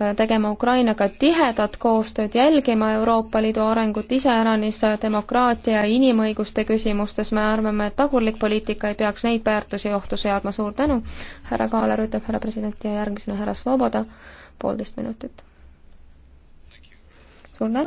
Äh, tegema Ukrainaga tihedat koostööd, jälgima Euroopa Liidu arengut iseäranis äh, demokraatia ja inimõiguste küsimustes, me arvame, et tagurlik poliitika ei peaks neid väärtusi ohtu seadma, suur tänu, härra Kaaler ütleb, härra president, ja järgmisena härra Svoboda, poolteist minutit. suur tänu!